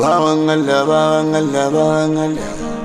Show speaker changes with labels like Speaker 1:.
Speaker 1: Bawangal, bawangal, bawangal, bawangal.